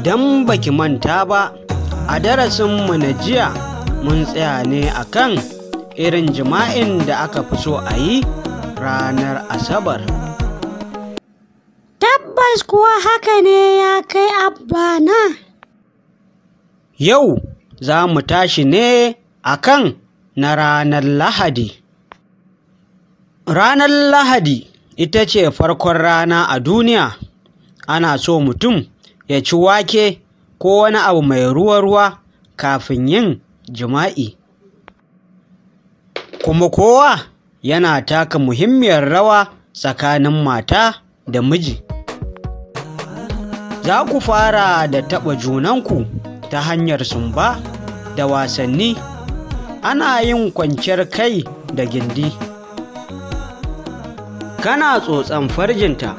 idan baki manta ba a darasinmu na jiya mun tsaya ne a kan irin jima'in da aka fi so a yi ranar asabar tabbas kuwa haka ne ya kai abbana yau za mu tashi ne akan na ranar lahadi ranar lahadi ita ce farkon rana a duniya ana so mutum ya ci wake ko wani abu mai ruwa-ruwa kafin yin jima'i. Kuma kowa yana taka muhimmiyar rawa tsakanin mata da miji. Za ku fara da taɓa junanku ta hanyar sumba da wasanni, ana yin kwanciyar kai da gindi. Kana tsotsan farjinta,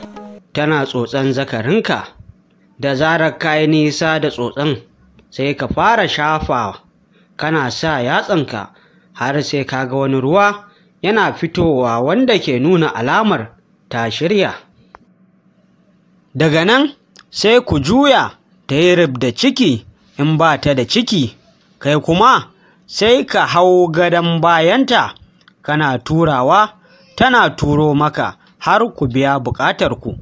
tana tsotsan zakarinka. da zarar ka yi nisa da tsotsin sai ka fara shafa. kana sa yatsanka har sai ka ga wani ruwa yana fitowa wanda ke nuna alamar ta shirya daga nan sai ku juya ta yi da ciki in ba ta da ciki kai kuma sai ka hau gadon bayanta kana turawa tana turo maka har ku biya buƙatarku. ku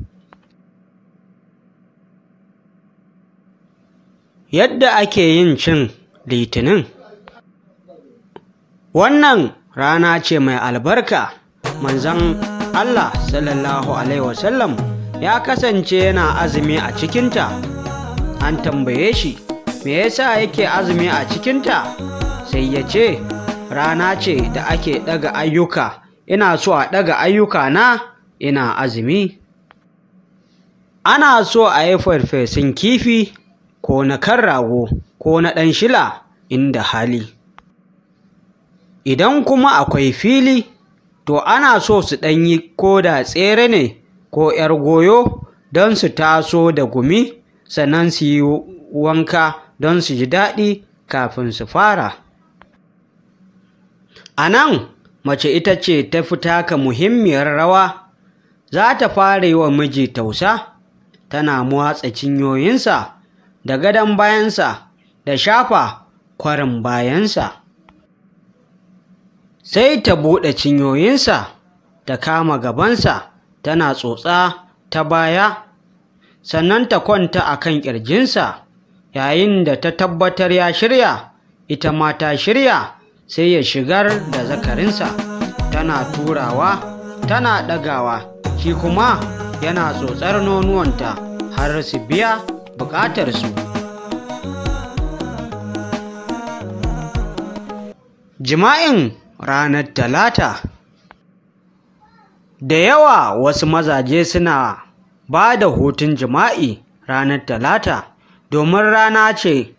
yadda ake yin cin litinin wannan rana ce mai albarka manzan allah sallallahu alaihi wasallam ya kasance yana azumi a cikinta an tambaye shi me yasa yake azumi a cikinta sai ya ce rana ce da ake ɗaga ayyuka ina so a ɗaga ayyuka na ina azumi ana so a yi farfesun kifi ko na kan rago ko na ɗan shila inda hali idan kuma akwai fili to ana so su ɗanyi ko da tsere ne ko ‘yar goyo don su taso da gumi sannan su yi wanka don su ji daɗi kafin su fara a nan mace ita ce ta fi taka muhimmiyar rawa za ta fara yi wa miji tausa tana mwatsa cinyoyinsa da gadon bayansa da shafa kwarin bayansa sai ta buɗe cinyoyinsa ta kama gabansa tana tsotsa ta baya sannan ta kwanta a kan ƙirjinsa yayin da ta tabbatar ya shirya ita ma ta shirya sai ya shigar da zakarinsa tana turawa tana ɗagawa shi kuma yana tsotsar nonuwanta har su biya buƙatar su jima'in ranar talata da yawa wasu mazaje suna ba da hutun jima'i ranar talata domin rana ce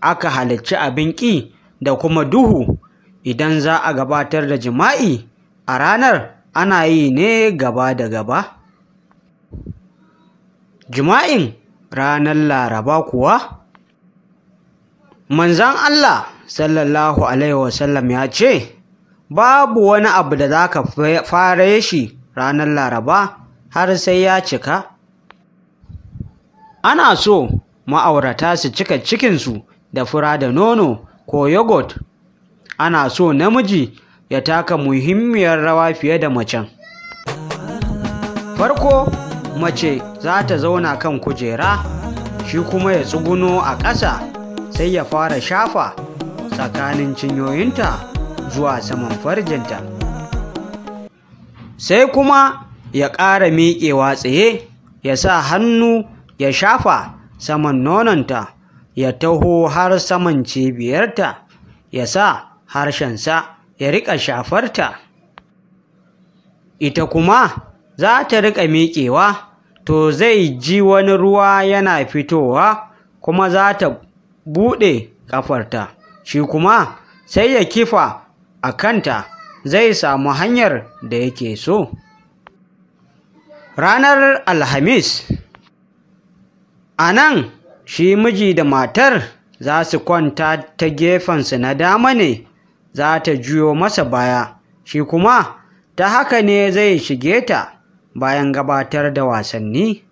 aka halarci abin ƙi da kuma duhu idan za a gabatar da jima'i a ranar ana yi ne gaba da gaba jima'in ranar laraba kuwa manzan Allah sallallahu alaihi wasallam ya ce babu wani abu da za ka fara shi ranar laraba har sai ya cika ana so ma'aurata su cika cikinsu da fura da nono ko yogurt ana so namiji ya taka muhimmiyar rawa fiye da macen farko mace za ta zauna kan kujera shi kuma ya tsuguno a ƙasa sai ya fara shafa tsakanin cinyoyinta zuwa saman farjinta sai kuma ya ƙara miƙewa tsaye ya sa hannu ya shafa saman nononta ya taho har saman cibiyarta ya sa harshensa ya riƙa shafarta ita kuma za ta riƙa miƙewa to zai ji wani ruwa yana fitowa kuma za ta buɗe ƙafarta shi kuma sai ya kifa a kanta zai samu hanyar da yake so ranar alhamis a nan shi miji da matar za su kwanta ta gefensu na dama ne za ta juyo masa baya shi kuma ta haka ne zai shige ta bayan gabatar da wasanni?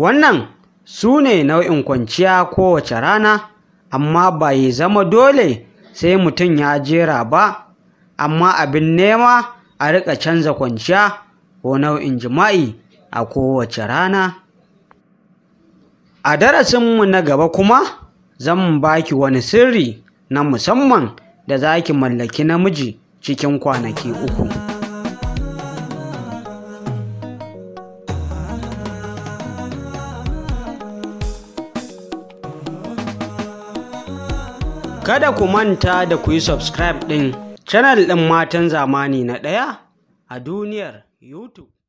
Wannan su ne nau'in kwanciya kowace rana, amma ba yi zama dole sai mutum ya jera ba, amma abin nema a riƙa canza kwanciya ko nau'in jima'i a kowace rana. A darasinmu na gaba kuma, zan baki wani sirri na musamman da za ki mallaki namiji cikin kwanaki uku. Kada ku manta da ku yi subscribe ɗin channel ɗin matan zamani na ɗaya a duniyar YouTube.